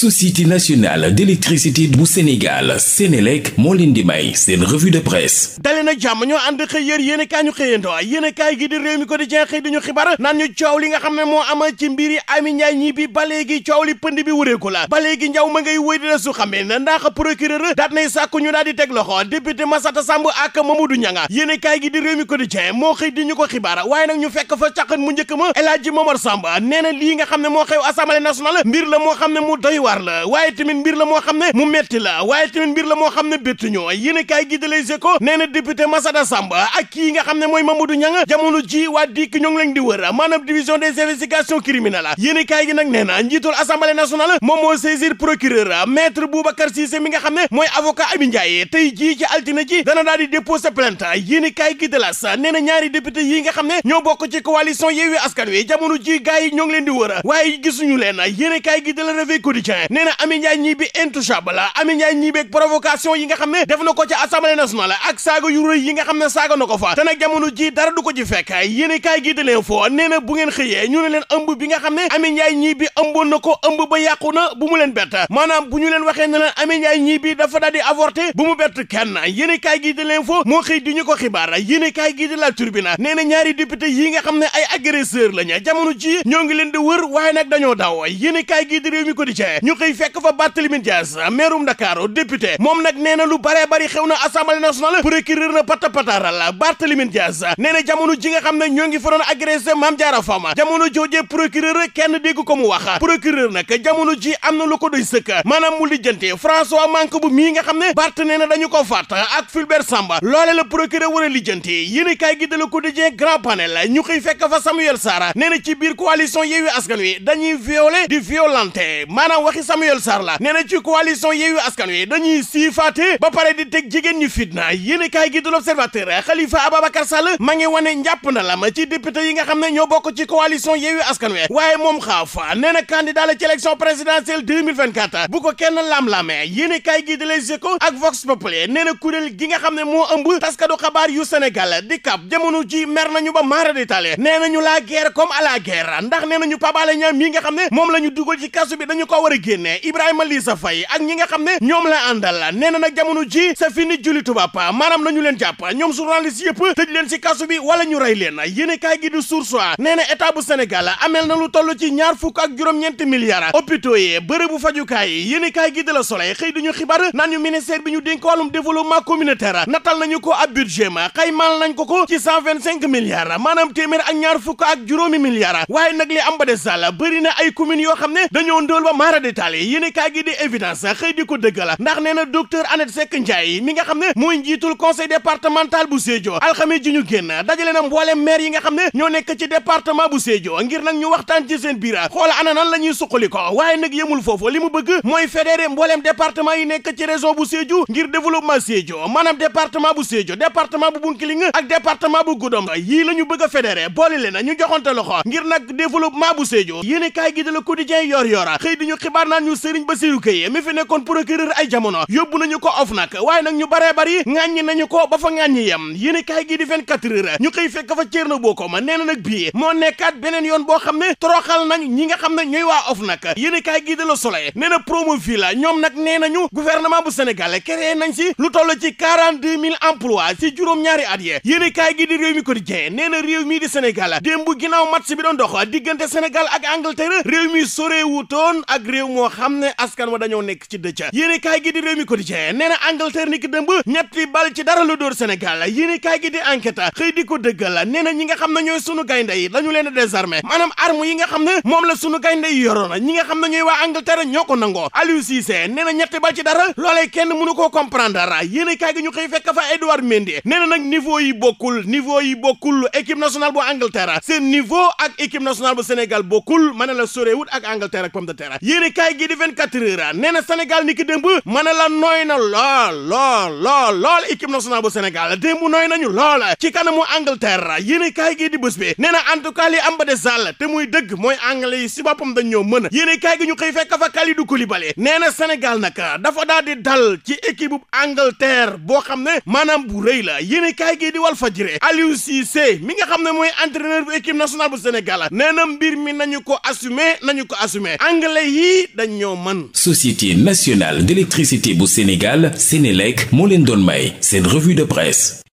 société nationale d'électricité bu Sénégal Sénélec moo leen di may seen revue de presse dali na jàmm ñoo ànd xëy yér yéen i ñu xëyandoo yéen i kaay gi di réew mi quotidien xëy di ñu xibaar naan ñu coow li nga xam ne moo ama ci mbiri Amy Ndiaye ñi bi coow li pënd bi wureeku la ba njaw ma ngay wéy dina su xamee na ndax procureur daat nay sàkku ñu daal di teg loxo député Massata Samb ak Mamadou Nianga yéen i kaay gi di réew mi quotidien di ñu moo xew waar la waaye tamit mbir la moo xam ne mu metti la waaye tamit mbir la moo xam ne béttuñoo yéen kaay gi de Les Échos nee na député ak kii nga xam ne mooy Mamadou Niang jamono ji waa dikk ñoo ngi leen di wër division des investigations criminelles yéen kaay gi nag nee ñaari député yi nga xam ne ñoo bokk ci coalition Yewwi Askan Wi jamono ji gaay yi ñoo ngi leen waaye gisuñu leen yéen kaay gi de Le Quotidien nee na Amy Ndiaye ñi bi intouchable la Amy Ndiaye ñi beeg provocation yi nga xam ne def na ko ci assemblée nationale ak saaga yu yi nga xam ne saaga na ko fa te nag jamono jii dara du ko ci fekk yéen i kaay gi di leen foo nee na bu ngeen xëyee ñu leen ëmb bi nga xam ne Amy Ndiaye ñi bi ëmboon na ko ëmb ba yàqu na bu mu leen bet maanaam bu ñu leen waxee ne leen Amy Ndiaye ñi bi dafa daal di avorté bu mu bett kenn yéen i kaay gi di leen foo moo xëy ñu ko xibaar yéen i kaay gi di la ñaari député yi nga xam ne ay agresseur lañu jamono ji ñoo ngi leen di wër waaye nag dañoo daw yéen i kaay gi di réew ñu xëy fekk fa Barthélémy Dias meerum Dakar député moom nag nee lu baree bari xew na assemblée nationale procureur na pata pataaral Barthélémy Dias nee ji nga xam ne ñoo ngi fa doon agressé Mame Diarra Fam jamono joojee procureur kenn dégg ko mu wax procureur nag jamono ji am na lu ko sëkk maanaam mu lijjante François Mancabou mii nga xam ne Bart nee dañu ko faat ak Fulbert Samba loole la procureur war a lijjante yéen kaay gi Samuel Sarr la ci coalition Yewwi Askan Wi dañuy siifaate ba pare di teg jigéen ñi fitna yéen kaay gi l'Observateur Khalifa Ababacar Sall ma ngi wane njàpp na la ma ci député yi nga xam ne ñoo bokk ci coalition Yewwi Askan Wi waaye moom xaafa nee na candidat la ci élection présidentielle 2024 bu ko kenn lam-lamee yéen kaay gi di Les ak Vox Populi nee na gi nga xam ne moo ëmb taskatu xabaar yu Sénégal di kap jamono ci kasu koy génnee Ibrahima Lissa Faye ak xam ne ñoom la àndal nee na nag jamono ji sa fini julli tubaab maanaam nañu leen jàpp ñoom journaliste yëpp tëj leen ci kasu bi ñu rey leen yéen kaay gi di Source A nee na état bu Sénégal na lu toll ci ñaar fukk ak juróom-ñeenti milliards hôpitaux yi bërëbu fajukaay yi yéen kaay gi la Soleil xëy duñu xibaar naan ñu ministère bi ñu dénk wàllum développement communautaire natal nañu ko ko ko ci cent vingt na ay d'Italie yéene kaay gi di xëy di ko dëggala ndax nee na docteur Annette Seck mi nga xam ne mooy njiitul conseil départemental bu Sédhiou alxames ji ñu génn dajale na mboolem maire yi nga xam ne ñoo nekk ci département bu Sédhiou ngir nag ñu waxtaan ci seen xool ana nan la ñuy waaye nag yemul foofu li mu bëgg mooy fédéré mboolem département yi nekk ci région bu Sédhiou ngir développement Sédhiou maanaam département bu Sédhiou département bu Bounkiling ak xabaar naan ñu Serigne Bassirou Gueye mi fi nekkoon procureur ay jamono yóbbu nañu ko OFNAC waaye na ñu baree bari ŋàññi nañu ko ba fa ŋàññi yem yéen kaay gi di 24 heures ñu xëy fekk fa Thierno Bocoum nee na nag bii moo nekkaat beneen yoon boo xam ne toroxal nañ ñi nga xam ne ñooy waa OFNAC yéen kaay gi de Le Soleil nee na Promovilles la ñoom nag nee nañu gouvernement bu Sénégal créé nañ si lu toll ci 42 000 emplois si juróom-ñaari at yi yéen kaay gi di réew mi quotidien nee na réew mii di Sénégal démb ginnaaw match bi doon dox diggante Sénégal ak Angleterre réew mi soree wutoon ak réew moo xam ne askan wa dañoo nekk ci dëcc yéene kaay gi di réew mi quotidien nee na Angleterre ni ki ñetti bal ci dara la dóor Sénégal yéene kaay gi di enquête xëy di ko dëggal nee na ñi nga xam ne ñooy sunu gaynde yi dañu leen a désarmé maanaam arme yi nga xam ne moom la sunu gaynde yi yoroon ñi nga xam ne ñooy waa Angleterre ñoo ko nangoo Aliou Cissé nee ñetti bal ci dara loolee kenn mënu koo comprendre yéene kaay gi ñu xëy fekk fa Edouard Mendy nee nag niveau kaay gi di 24 heures ah, nee na Sénégal ni ki démb mën a la nooy na lool lool lool lool équipe nationale bu Sénégal démb nooy nañu lool ci kanamu Angleterre ah, yéen a kaay gi di bés bi nee na en tout cas li am ba te muy dëgg mooy anglais yi si boppam dañ ñoo mën yéen a kaay gi ñu xëy fekk fa Kalidou Koulibaly nee na Sénégal nag ah, dafa daal di dal ci équipe bu Angleterre boo xam ne maanaam bu rëy la yéen a kaay gi di wal Fadjri Aliou Cissé mi nga xam ne mooy entraîneur bu équipe nationale bu Sénégal nee na mbir mi nañu ko assumer nañu ko assumer anglais yi dañ ñoo mën. société nationale d'électricité bu Sénégal Sénélec moo leen doon may seen revue de presse.